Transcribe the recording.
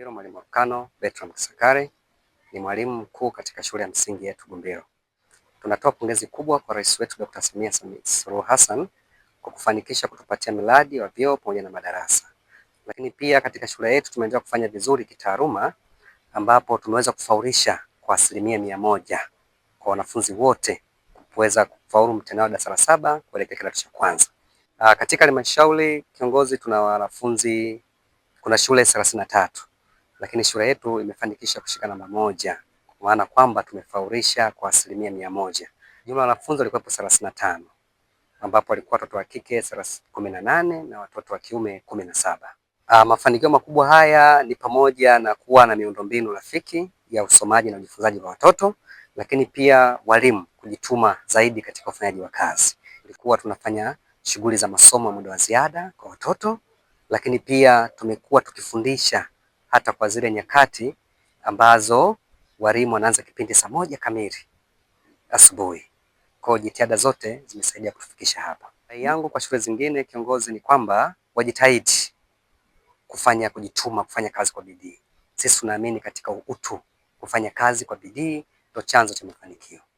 Gumbiro Mwalimu Volcano Bertram Kisakari ni mwalimu mkuu katika shule ya msingi yetu Gumbiro. Tunatoa pongezi kubwa kwa rais wetu Dr. Samia Suluhu Hassan kwa kufanikisha kutupatia miradi wa vyoo pamoja na madarasa. Lakini pia katika shule yetu tumeendelea kufanya vizuri kitaaluma ambapo tumeweza kufaulisha kwa asilimia mia moja kwa wanafunzi wote kuweza kufaulu mtihani wa darasa la saba kuelekea kidato cha kwanza. Aa, Katika halmashauri kiongozi, tuna wanafunzi kuna shule thelathini na tatu lakini shule yetu imefanikisha kushika namba moja, kwa maana kwamba tumefaulisha kwa asilimia mia moja. Jumla wanafunzi walikuwepo thelathini na tano ambapo walikuwa watoto wa kike kumi na nane na watoto wa kiume kumi na saba. Ah, mafanikio makubwa haya ni pamoja na kuwa na miundombinu rafiki ya usomaji na ujifunzaji wa watoto, lakini pia walimu kujituma zaidi katika ufanyaji wa kazi. Ilikuwa tunafanya shughuli za masomo ya muda wa ziada kwa watoto, lakini pia tumekuwa tukifundisha hata kwa zile nyakati ambazo walimu wanaanza kipindi saa moja kamili asubuhi. Kwa jitihada zote zimesaidia kutufikisha hapa. Rai yangu kwa shule zingine, kiongozi, ni kwamba wajitahidi kufanya kujituma, kufanya kazi kwa bidii. Sisi tunaamini katika utu, kufanya kazi kwa bidii ndio chanzo cha mafanikio.